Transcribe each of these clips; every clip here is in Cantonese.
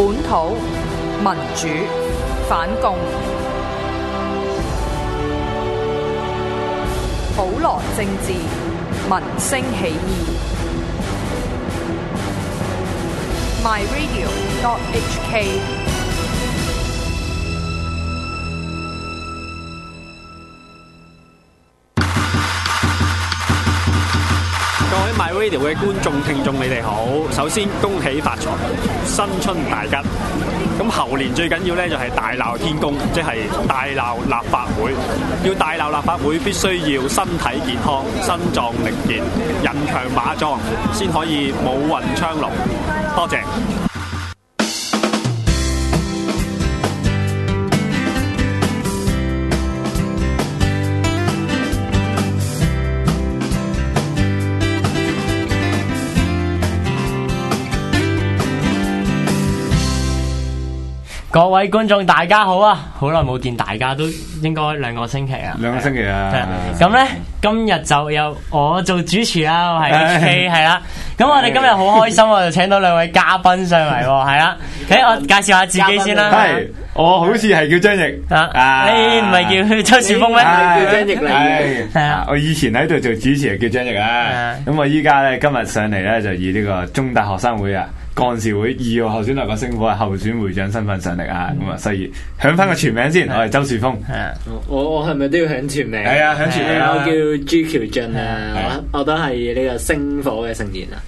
本土民主反共，普羅政治民聲起義。My Radio. dot H K. My Radio 嘅觀眾聽眾，你哋好。首先恭喜發財，新春大吉。咁猴年最緊要咧就係、是、大鬧天宮，即係大鬧立法會。要大鬧立法會，必須要身體健康，身壯力健，人強馬壯，先可以武運昌隆。多謝。各位觀眾大家好啊，好耐冇見，大家都應該兩個星期啊，兩個星期啊。咁咧，今日就由我做主持啦，我係 K 係啦。咁我哋今日好開心，我哋請到兩位嘉賓上嚟喎，係啦。誒，我介紹下自己先啦。係，我好似係叫張譯啊，誒唔係叫周豎峰咩？係張譯啦，係啊。我以前喺度做主持叫張譯啊，咁我依家咧今日上嚟咧就以呢個中大學生會啊。幹事會二號候選，嚟個星火係候選會長身份上嚟啊咁啊，所以響翻個全名先，我係周豎峰。我我係咪都要響全名？係啊，響全名。我叫朱喬雋啊，我我都係呢個星火嘅成員啊。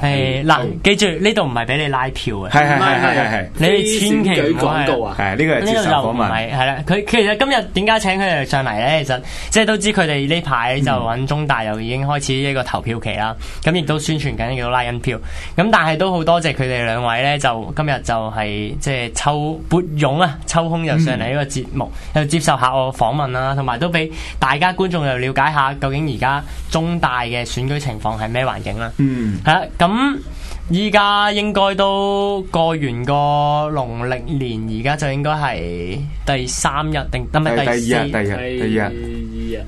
係嗱，記住呢度唔係俾你拉票啊，係係係，你千祈唔好告啊。係呢個係接受訪問。係係啦，佢其實今日點解請佢哋上嚟咧？其實即係都知佢哋呢排就揾中大又已經開始一個投票期啦，咁亦都宣傳緊叫做拉緊票，咁但係都好多謝。佢哋兩位呢，就今日就係、是、即係抽撥冗啊，抽空又上嚟呢個節目，嗯、又接受下我訪問啦、啊，同埋都俾大家觀眾又了解下究竟而家中大嘅選舉情況係咩環境啦、啊。嗯，係咁依家應該都過完個農曆年，而家就應該係第三日定，唔係第，第，第二日，第，第二日。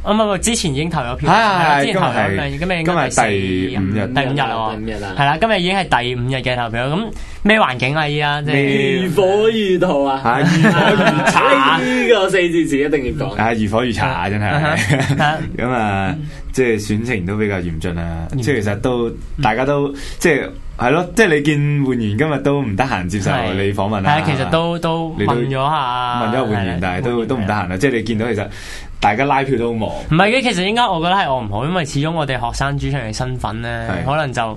啊唔，之前已經投咗票。係啊，係啦，今日今日第五日第五日啦。係啦，今日已經係第五日嘅投票。咁咩環境啊依家？即係如火如荼啊，如火如荼。呢個四字詞一定要講。係如火如荼啊，真係。咁啊，即係選情都比較嚴峻啊。即係其實都大家都即係係咯，即係你見煥然今日都唔得閒接受你訪問啊。係，其實都都問咗下，問咗煥然，但係都都唔得閒啊。即係你見到其實。大家拉票都好忙，唔係嘅，其實應該我覺得係我唔好，因為始終我哋學生主場嘅身份咧，可能就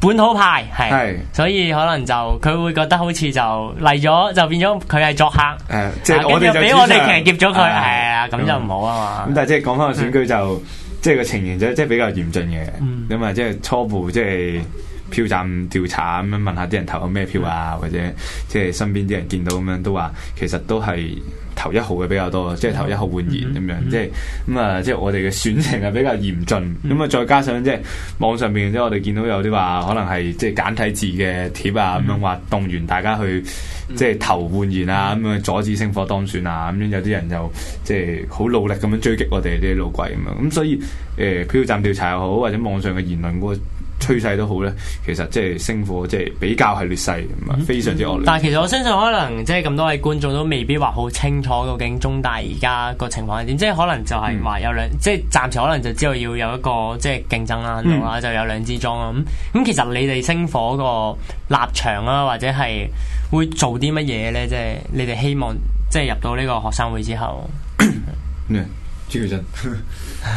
本土派係，所以可能就佢會覺得好似就嚟咗就變咗佢係作客，誒，即係跟住俾我哋騎劫咗佢，係啊，咁就唔好啊嘛。咁但係即係講翻個選舉就即係個情形就即係比較嚴峻嘅，咁啊，即係初步即係票站調查咁樣問下啲人投咗咩票啊，或者即係身邊啲人見到咁樣都話，其實都係。頭一號嘅比較多，即係頭一號換言咁、mm hmm. 樣，即係咁啊！即係我哋嘅選情係比較嚴峻，咁啊、mm，hmm. 再加上即係網上面，即係，我哋見到有啲話可能係即係簡體字嘅帖啊，咁樣話動員大家去即係投換言啊，咁樣阻止星火當選啊，咁樣有啲人就即係好努力咁樣追擊我哋啲老鬼。咁啊，咁所以誒，票、欸、站調查又好，或者網上嘅言論趨勢都好咧，其實即係星火，即係比較係劣勢，唔係、嗯、非常之惡劣。但係其實我相信，可能即係咁多位觀眾都未必話好清楚究竟中大而家個情況係點，即係可能就係話有兩，嗯、即係暫時可能就知道要有一個即係、就是、競爭啦，嗯、就有兩支莊啦。咁、嗯、咁、嗯、其實你哋星火個立場啦，或者係會做啲乜嘢咧？即、就、係、是、你哋希望即係、就是、入到呢個學生會之後，咩朱喬雋？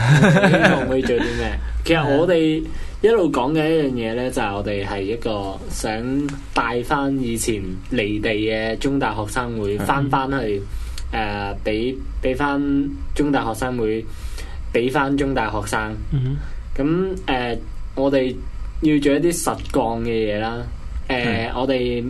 希望可以做啲咩？其實我哋。一路講嘅一樣嘢咧，就係、是、我哋係一個想帶翻以前離地嘅中大學生會翻翻去，誒，俾俾翻中大學生會，俾翻的、呃、中，中大學生。咁誒、嗯哼呃，我哋要做一啲實幹嘅嘢啦。誒、呃，的我哋。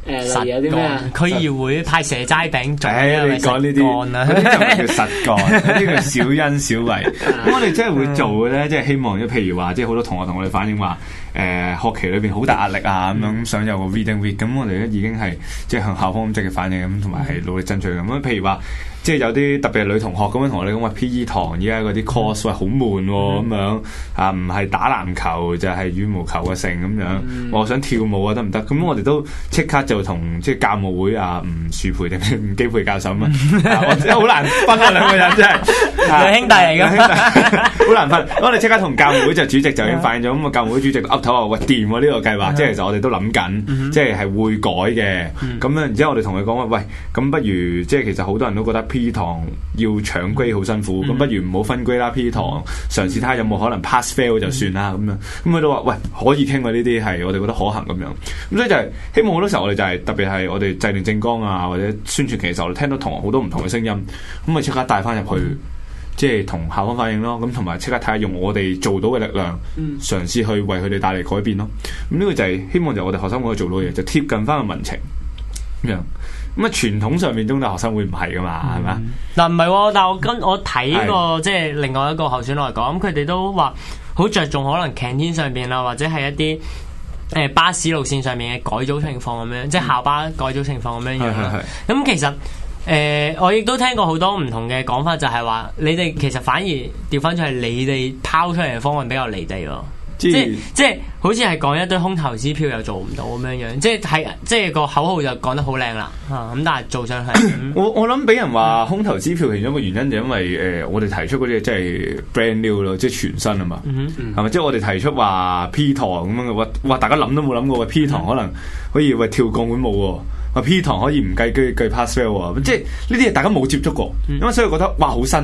誒，例如有啲咩啊？區議會派蛇齋餅，係啊，講呢啲案啦，呢啲就叫實幹，呢個 小恩小惠。咁 我哋真係會做嘅咧，就是，即係希望即譬如話即係好多同學同我哋反映話，誒、呃，學期裏邊好大壓力啊，咁、嗯、樣想有個 reading 咁 read，我哋咧已經係即係向校方咁積極反映咁，同埋係努力爭取咁。咁譬如話。即係有啲特別係女同學咁樣同我哋講話 P.E. 堂而家嗰啲 course 話好悶咁樣啊，唔係打籃球就係羽毛球嘅性咁樣，我想跳舞啊得唔得？咁我哋都即刻就同即係教務會啊吳樹培定吳基培教授咁啊，好難分啊兩個人真係兩兄弟嚟㗎，好難分。我哋即刻同教務會就主席就已經發現咗，咁啊教務會主席噏頭話喂掂喎呢個計劃，即係其實我哋都諗緊，即係係會改嘅咁樣。然之後我哋同佢講話喂，咁不如即係其實好多人都覺得。P 堂要搶歸好辛苦，咁、mm. 不如唔好分歸啦。P 堂嘗試睇下有冇可能 pass fail 就算啦咁樣，樣。咁佢都話：喂，可以傾過呢啲係我哋覺得可行咁樣。咁所以就係希望好多時候我哋就係、是、特別係我哋制定政綱啊，或者宣傳期時候，聽到同學好多唔同嘅聲音，咁咪即刻帶翻入去，即、就、係、是、同校方反映咯。咁同埋即刻睇下用我哋做到嘅力量，mm. 嘗試去為佢哋帶嚟改變咯。咁呢個就係希望就我哋學生會做到嘢，就是、貼近翻個民情咁樣。咁啊，傳統上面中大學生會唔係噶嘛，係咪啊？唔係嗎、喔，但我跟我睇過即係另外一個候選來講，佢哋是的 都話好着重可能 canteen 上邊啦，或者係一啲巴士路線上面嘅改組情況咁樣，嗯、即係校巴改組情況咁樣樣啦。咁其實誒、呃，我亦都聽過好多唔同嘅講法，就係、是、話你哋其實反而調翻出嚟，你哋拋出嚟嘅方案比較離地喎。即係即係，好似係講一堆空頭支票又做唔到咁樣樣，即係睇即係個口號就講得好靚啦，吓、嗯、咁但係做上去，嗯、 我我諗俾人話空頭支票，其中一個原因就因為誒、呃，我哋提出嗰啲即係 brand new 咯，即係全新啊嘛，係咪？嗯嗯、即係我哋提出話 P 堂咁樣嘅話，哇大家諗都冇諗過，話、嗯、P 堂可能可以話、嗯、跳鋼管舞，話 P 堂可以唔計計計 pass sale，即係呢啲嘢大家冇接觸過，咁啊所以覺得哇好新，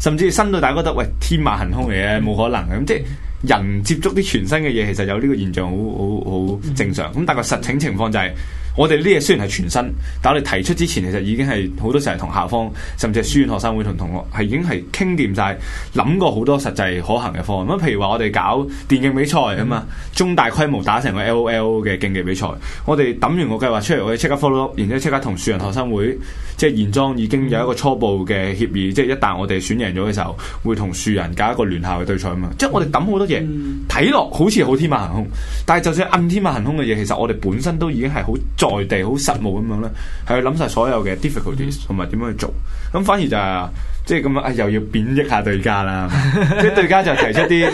甚至新到大家覺得喂天馬行空嘅嘢冇可能咁即係。即即人接觸啲全新嘅嘢，其實有呢個現象，好好好正常。咁但係個實情情況就係。我哋呢啲嘢雖然係全新，但係我哋提出之前其實已經係好多時候同校方，甚至係書院學生會同同學係已經係傾掂晒，諗過好多實際可行嘅方案。咁譬如話我哋搞電競比賽啊嘛，嗯、中大規模打成個 L.O.L 嘅競技比賽，我哋揼完個計劃出嚟，我哋即刻 follow up，然之後即刻同樹人學生會即係現裝已經有一個初步嘅協議。即係一旦我哋選贏咗嘅時候，會同樹人搞一個聯校嘅對賽啊嘛。即係我哋揼、嗯、好多嘢，睇落好似好天馬行空，但係就算暗天馬行空嘅嘢，其實我哋本身都已經係好。內地好實務咁樣啦，係去諗晒所有嘅 difficulties 同埋點樣去做，咁反而就係、是、即係咁啊，又要貶抑下對家啦， 即係對家就提出啲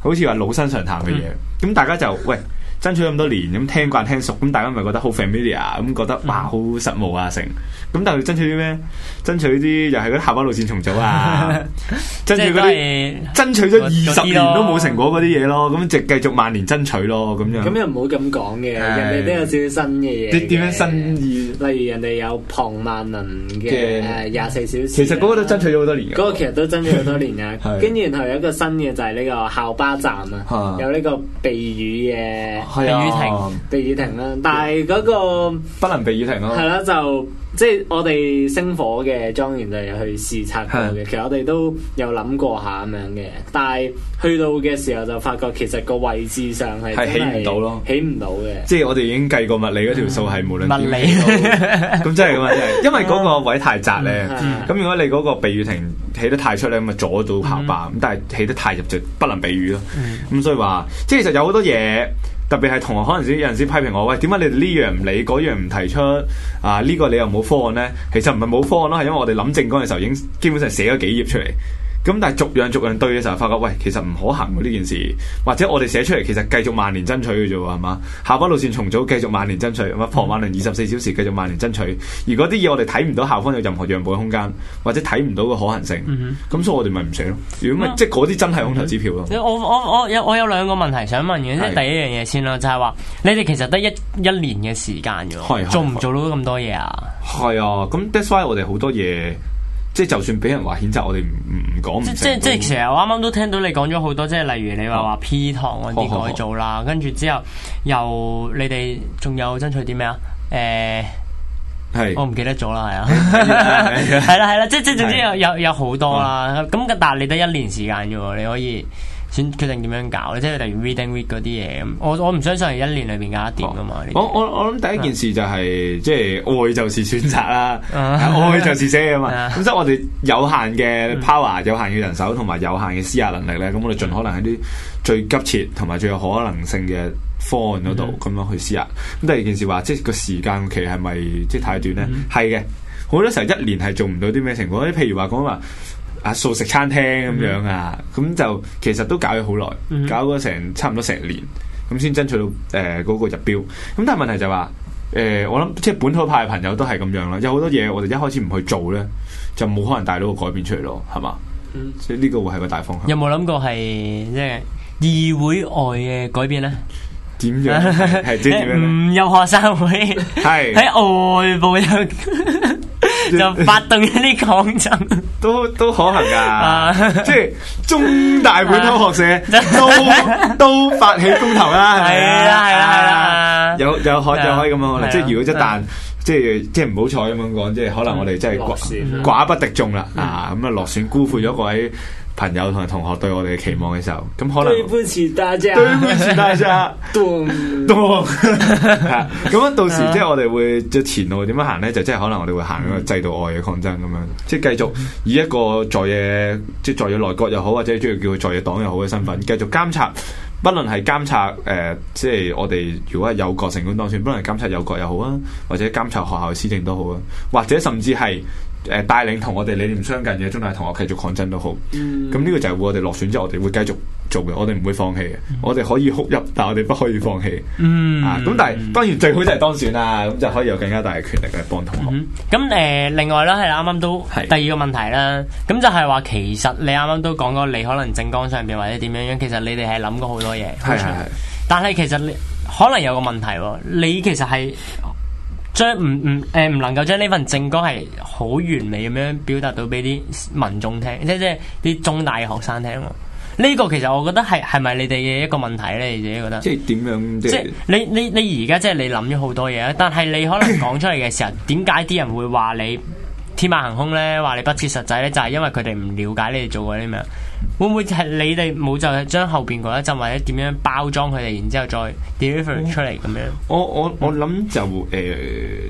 好似話老生常談嘅嘢，咁、嗯、大家就喂爭取咗咁多年，咁聽慣聽熟，咁大家咪覺得好 familiar，咁覺得哇好實務啊成。咁但係爭取啲咩？爭取啲又係嗰校巴路線重組啊， 爭取嗰啲爭取咗二十年都冇成果嗰啲嘢咯，咁就係繼續萬年爭取咯，咁樣。咁又唔好咁講嘅，人哋都有少少新嘅嘢。你點樣新意？例如人哋有龐萬能嘅廿四小時。其實嗰個都爭取咗好多年。嗰個其實都爭取好多年啊。跟住 的然後有一個新嘅就係、是、呢個校巴站啊， 有呢個避雨嘅避雨亭、避的雨亭啦。但係嗰、那個不能避雨亭咯。係啦，就。即係我哋星火嘅莊園就係去視察過嘅，的其實我哋都有諗過下咁樣嘅，但係去到嘅時候就發覺其實個位置上係係起唔到咯，起唔到嘅。即係我哋已經計過物理嗰條數係無論物理咁真係咁嘛，真係， 因為嗰個位太窄咧。咁、 嗯、如果你嗰個避雨亭起得太出咧，咁咪阻到下吧。咁、嗯、但係起得太入就不能避雨咯。咁、嗯、所以話即係其實有好多嘢。特別係同學可能有陣時批評我，喂，點解你呢樣唔理，嗰樣唔提出啊？呢、呢個你又冇方案呢？其實唔係冇方案咯，係因為我哋諗政綱嘅時候已經基本上寫咗幾頁出嚟。咁但係逐樣逐樣對嘅時候，發覺喂，其實唔可行喎呢件事，或者我哋寫出嚟，其實繼續萬年爭取嘅啫喎，係嘛？校巴路線重組，繼續萬年爭取，乜破萬輪二十四小時，繼續萬年爭取。而嗰啲嘢我哋睇唔到校方有任何讓步嘅空間，或者睇唔到個可行性。咁、嗯、哼所以我哋咪唔寫咯。如果咪即係嗰啲真係空頭支票咯、嗯。我我我有我有兩個問題想問，即係第一樣嘢先咯，就係、是、話你哋其實得一一年嘅時間嘅喎，是是是是做唔做到咁多嘢啊？係啊，咁 that's why 我哋好多嘢。即係就算俾人話譴責，我哋唔唔講唔即係即係，成日我啱啱都聽到你講咗好多，即係例如你話話 P 堂啲改造啦，跟住之後又你哋仲有爭取啲咩啊？誒係我唔記得咗啦，係啊，係啦係啦，即即總之有有有好多啦，咁但係你得一年時間咋喎，你可以。選決定點樣搞咧？即係例如 reading read 嗰啲嘢咁。我我唔相信係一年裏邊搞掂噶嘛。哦、些我我我諗第一件事就係、是，即係 愛就是選擇啦， 愛就是寫啊嘛。咁所以我哋有限嘅 power、有限嘅人手同埋有、有限嘅施壓能力咧，咁、嗯、我哋盡可能喺啲最急切同埋最有可能性嘅方案嗰度咁樣去施壓。咁、嗯、第二件事話、就是，即係個時間期係咪即係太短咧？係嘅、嗯，好多時候一年係做唔到啲咩情況。譬如話講話。啊素食餐廳咁樣啊，咁、嗯、就、嗯、其實都搞咗好耐，搞咗成差唔多成年，咁先爭取到誒嗰、呃嗰個入標。咁但係問題就話、係、誒、呃，我諗即係本土派嘅朋友都係咁樣啦。有好多嘢我哋一開始唔去做咧，就冇可能帶到個改變出嚟咯，係嘛？嗯，呢個會係個大方向有有。有冇諗過係即係議會外嘅改變咧？點樣係即係唔有學生會係喺外部入？ 就發動一啲抗爭，都都可能噶、啊， 即係中大本土學社都 都發起風頭啦， 係啊係啊係啊，有有可就可以咁樣，即係如果一旦即係即係唔好彩咁樣講，即係可能我哋真係寡寡不敵眾啦啊！咁啊落選，辜負咗各位，朋友同埋同學對我哋嘅期望嘅時候，咁可能對不起大家，對不起大家，咁咁啊，到時 即係我哋會即前路點樣行咧，就即、是、係可能我哋會行一個制度外嘅抗爭咁樣，嗯、即係繼續以一個在野，嗯、即係在野內閣又好，或者鍾意叫佢在野黨又好嘅身份，繼、嗯、續監察，不論係監察誒、呃，即係我哋如果係有國成功當選，不論係監察有國又好啊，或者監察學校嘅施政都好啊，或者甚至係。誒，帶領同我哋理念相近嘅中大同學繼續抗爭都好，咁呢、嗯、個就係我哋落選之後，我哋會繼續做嘅，我哋唔會放棄嘅，嗯、我哋可以哭泣，但我哋不可以放棄。嗯、啊，咁但係當然最好就係當選啦、啊，咁就可以有更加大嘅權力嚟幫同學。咁誒、嗯嗯呃，另外啦，係啱啱都第二個問題啦，咁是就係話其實你啱啱都講過，你可能政綱上面或者點樣樣，其實你哋係諗過好多嘢，係係係，是是是是但係其實你可能有個問題，你其實係。將唔唔誒唔能夠將呢份政綱係好完美咁樣表達到俾啲民眾聽，即即啲中大嘅學生聽呢、呢個其實我覺得係係咪你哋嘅一個問題咧？你自己覺得？即點樣？即你你你而家即係你諗咗好多嘢啊！但係你可能講出嚟嘅時候，點解啲人會話你天馬行空咧？話你不切實際咧？就係、是、因為佢哋唔了解你哋做過啲咩？會唔會係你哋冇就係將後邊嗰一陣，或者點樣包裝佢哋，然之後再 deliver 出嚟咁、哦、樣？我我我諗就誒、呃，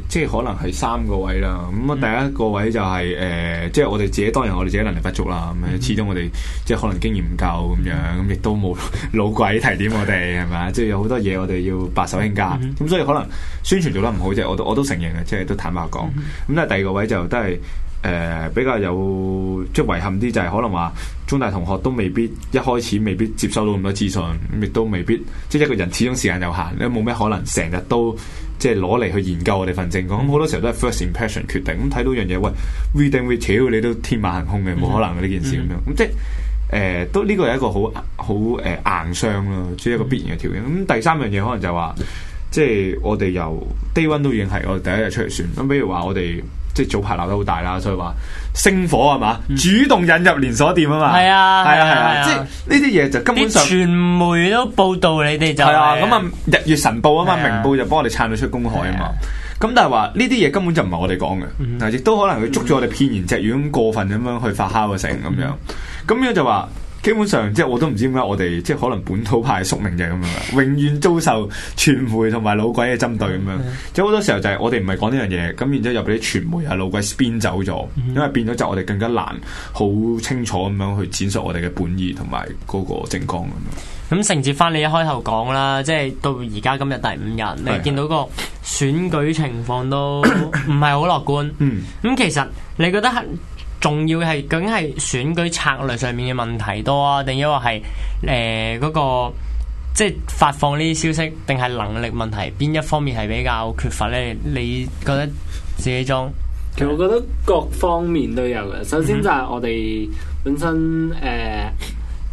即係可能係三個位啦。咁、嗯、啊、嗯、第一個位就係、是、誒、呃，即係我哋自己，當然我哋自己能力不足啦。咁、嗯、始終我哋即係可能經驗唔夠咁樣，咁亦都冇老鬼提點我哋，係咪啊？即係有好多嘢我哋要白手興家。咁、嗯嗯、所以可能宣傳做得唔好，即係我都我都承認嘅，即係都坦白講。咁、嗯、但係第二個位就都、是、係。誒、呃、比較有即係遺憾啲就係可能話中大同學都未必一開始未必接受到咁多資訊，亦都未必即係一個人始終時間有限，你冇咩可能成日都即係攞嚟去研究我哋份證嘅，咁好、嗯、多時候都係 first impression 決定，咁、嗯、睇到樣嘢，喂 read and review 你都天馬行空嘅，冇可能嘅呢件事咁樣，咁即係誒、呃、都呢、這個係一個好好誒硬傷咯，即係一個必然嘅條件。咁、嗯嗯嗯、第三樣嘢可能就話、是，即係我哋由 day one 都已經係我哋第一日出嚟算，咁比如話我哋。即係早排鬧得好大啦，所以話星火係嘛，主動引入連鎖店啊嘛，係啊，係啊，係啊，即係呢啲嘢就根本上，啲傳媒都報道你哋就係啊，咁啊日月神報啊嘛，明報就幫我哋撐到出公海啊嘛，咁但係話呢啲嘢根本就唔係我哋講嘅，但亦都可能佢捉咗我哋片言隻語咁過分咁樣去發酵成咁樣，咁樣就話。基本上，即係我都唔知點解我哋即係可能本土派宿命就係咁樣永遠遭受傳媒同埋老鬼嘅針對咁樣。有好 多時候就係我哋唔係講呢樣嘢，咁然之後又俾啲傳媒啊老鬼編走咗，因為變咗就我哋更加難好清楚咁樣去展述我哋嘅本意同埋嗰個政綱咁樣。咁承接翻你一開頭講啦，即係到而家今日第五日，你見到個選舉情況都唔係好樂觀。 嗯，咁其實你覺得？重要嘅係究竟係選舉策略上面嘅問題多啊，定抑或係誒嗰個即係發放呢啲消息，定係能力問題，邊一方面係比較缺乏呢？你覺得自己莊？其實我覺得各方面都有嘅。首先就係我哋本身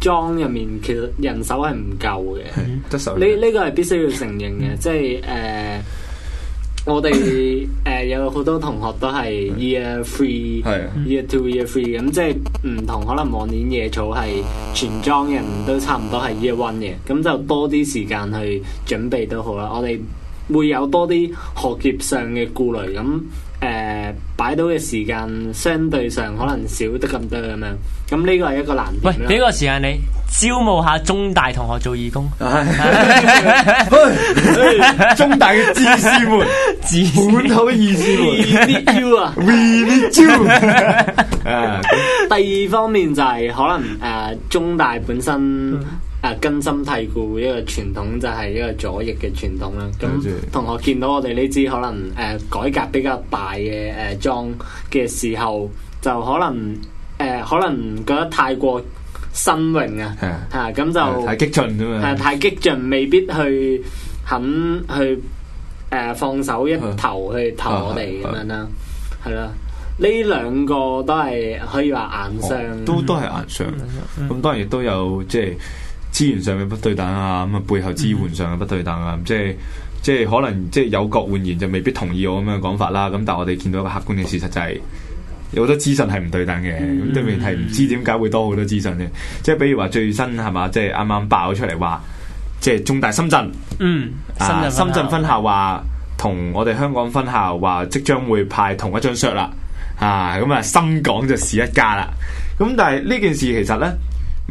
誒莊入面，其實人手係唔夠嘅，呢呢、 呢個係必須要承認嘅， 即係誒。呃我哋誒、呃、有好多同學都係 year three，year two 的 year three 咁，即係唔同可能往年野草係全莊人都差唔多係 year one 嘅，咁就多啲時間去準備都好啦。我哋會有多啲學業上嘅顧慮咁。誒，擺、呃、到嘅時間相對上可能少得咁多咁樣，咁呢個係一個難點喂，呢個時間你招募下中大同學做義工。中大嘅智士們，本土嘅意思 m We need you 啊 you。誒，第二方面就係可能誒、呃，中大本身。誒根深蒂固一個傳統就係、是、一個左翼嘅傳統啦。咁同學見到我哋呢支可能誒、呃、改革比較大嘅誒裝嘅時候，就可能誒、呃、可能覺得太過新穎的啊，嚇咁就太激進啊嘛，太激進未必去肯去誒、呃、放手一頭去投我哋咁樣啦，係、啊、啦。呢兩個都係可以話硬傷，都都係硬傷。咁、嗯、當然亦都有即係。就是資源上面不對等啊，咁啊背後支援上嘅不對等啊、嗯，即係即係可能即係有國換言就未必同意我咁嘅講法啦。咁、嗯、但係我哋見到一個客觀嘅事實就係、是，有好多資訊係唔對等嘅，咁對面係唔知點解會多好多資訊啫。即係比如話最新係嘛，即係啱啱爆出嚟話，即係中大深圳，嗯，啊、深圳分校話同我哋香港分校話即將會派同一張 shirt 啦，啊，咁啊深港就是一家啦。咁但係呢件事其實咧，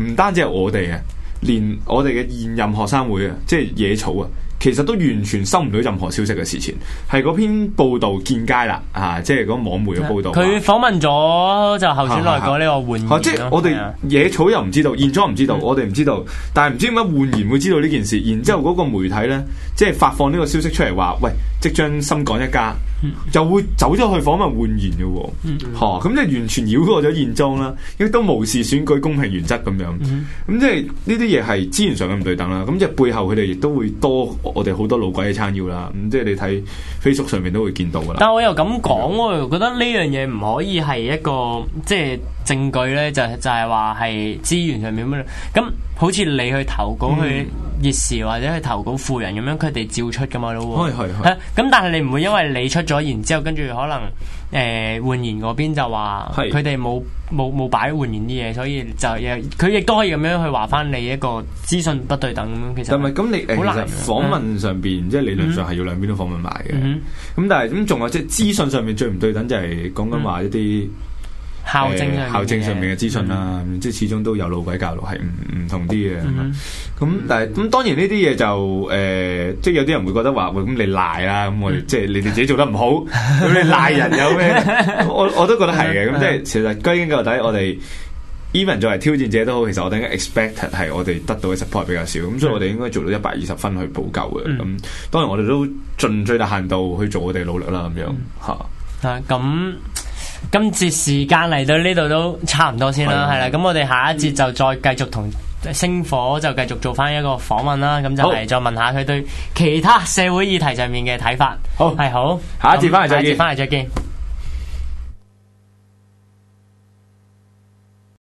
唔單止係我哋啊。連我哋嘅現任學生會啊，即係野草啊，其實都完全收唔到任何消息嘅事情，係嗰篇報導見街啦，嚇、啊！即係嗰個網媒嘅報導。佢訪問咗說就校先來講呢個換、啊啊啊啊，即係我哋野草又唔知道，嗯、現莊唔知道，我哋唔知道，但係唔知點解換言會知道呢件事，然之後嗰個媒體呢，即係發放呢個消息出嚟話，喂，即將深港一家。就會走咗去訪問換言嘅喎，咁即係完全繞過咗現狀啦，亦都無視選舉公平原則咁、嗯、樣，咁即係呢啲嘢係資源上嘅唔對等啦。咁即係背後佢哋亦都會多我哋好多老鬼嘅撐腰啦。咁、嗯嗯嗯、即係你睇 Facebook 上面都會見到噶啦。但我又咁講，吧我又覺得呢樣嘢唔可以係一個即係證據咧，就係、就係話係資源上面乜嘢。咁好似你去投稿去熱時或者去投稿富人咁樣，佢哋照出噶嘛咯喎。係係係。咁但係你唔會因為你出。咗然之後，跟住可能誒、呃、換言嗰邊就話佢哋冇冇冇擺換言啲嘢，所以就佢亦都可以咁樣去話翻你一個資訊不對等咁樣。其實唔係咁你，其實好難訪問上邊，即係理論上係要兩邊都訪問埋嘅。咁、嗯嗯、但係咁仲有即係、就係、資訊上面最唔對等就係講緊話一啲、嗯。嗯校正上面嘅資訊啦，即係始終都有老鬼教落，係唔唔同啲嘅。咁但係咁當然呢啲嘢就誒，即係有啲人會覺得話，喂，咁你賴啦，咁我哋即係你哋自己做得唔好，咁你賴人有咩？我我都覺得係嘅。咁即係其實歸根究底，我哋 even 作為挑戰者都好，其實我哋 expect 係我哋得到嘅 support 比較少。咁所以我哋應該做到一百二十分去補救嘅。咁當然我哋都盡最大限度去做我哋努力啦。咁樣嚇。咁。今節時間嚟到呢度都差唔多先啦，係啦，咁我哋下一節就再繼續同星火就繼續做翻一個訪問啦，咁就嚟再問下佢對其他社會議題上面嘅睇法。好係好，好，下一節翻嚟再見。下一節翻嚟再見。